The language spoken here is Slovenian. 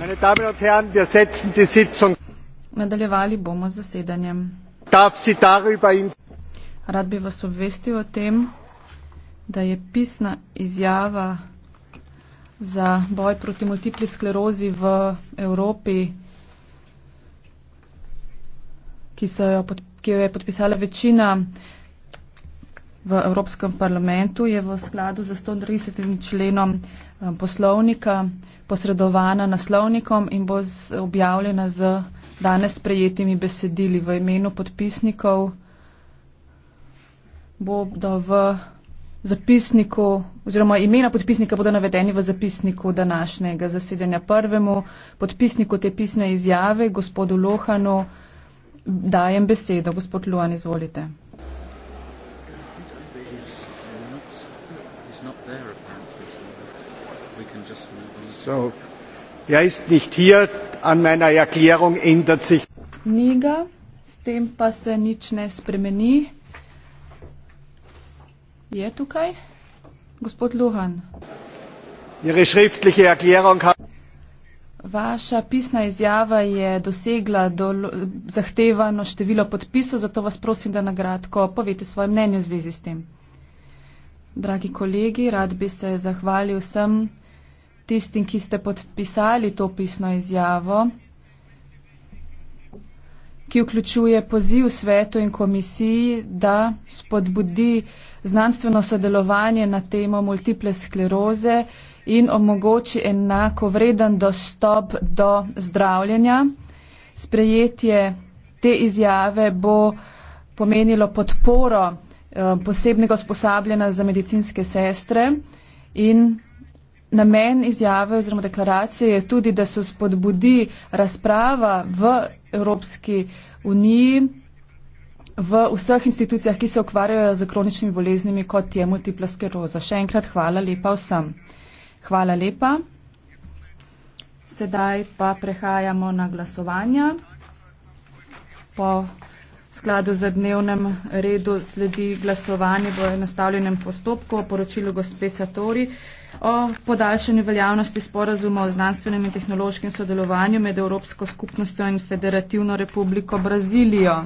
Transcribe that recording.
Meine Damen und Herren, wir setzen die Sitzung. Nadaljevali bomo z zasedanjem. Rad bi vas obvestil o tem, da je pisna izjava za boj proti multipli sklerozi v Evropi, ki, jo pod, ki jo je podpisala večina v Evropskem parlamentu, je v skladu z 130. členom eh, poslovnika posredovana naslovnikom in bo z, objavljena z danes prejetimi besedili v imenu podpisnikov. Bodo v zapisniku oziroma imena podpisnika bodo navedeni v zapisniku današnjega zasedanja prvemu podpisniku te pisne izjave, gospodu Lohanu, dajem besedo. Gospod Luan, izvolite. Is, is So, er ist nicht hier, an meiner Erklärung ändert sich. Niga, s tem pa se nič ne spremeni. Je tukaj? Gospod Luhan. Ihre schriftliche Erklärung hat. Vaša pisna izjava je dosegla dolo, zahtevano število podpisov, zato vas prosim, da nagradko povete svoje mnenje v zvezi s tem. Dragi kolegi, rad bi se zahvalil vsem tistim, ki ste podpisali to pisno izjavo, ki vključuje poziv svetu in komisiji, da spodbudi znanstveno sodelovanje na temo multiple skleroze in omogoči enako vreden dostop do zdravljenja. Sprejetje te izjave bo pomenilo podporo eh, posebnega usposabljena za medicinske sestre in Namen izjave oziroma deklaracije je tudi, da se spodbudi razprava v Evropski uniji, v vseh institucijah, ki se ukvarjajo z kroničnimi boleznimi, kot je multipla skleroza. Še enkrat hvala lepa vsem. Hvala lepa. Sedaj pa prehajamo na glasovanja. Po v skladu z dnevnem redu sledi glasovanje v enostavljenem postopku o poročilu gospe Satori o podaljšanju veljavnosti sporazuma o znanstvenem in tehnološkem sodelovanju med Evropsko skupnostjo in Federativno republiko Brazilijo.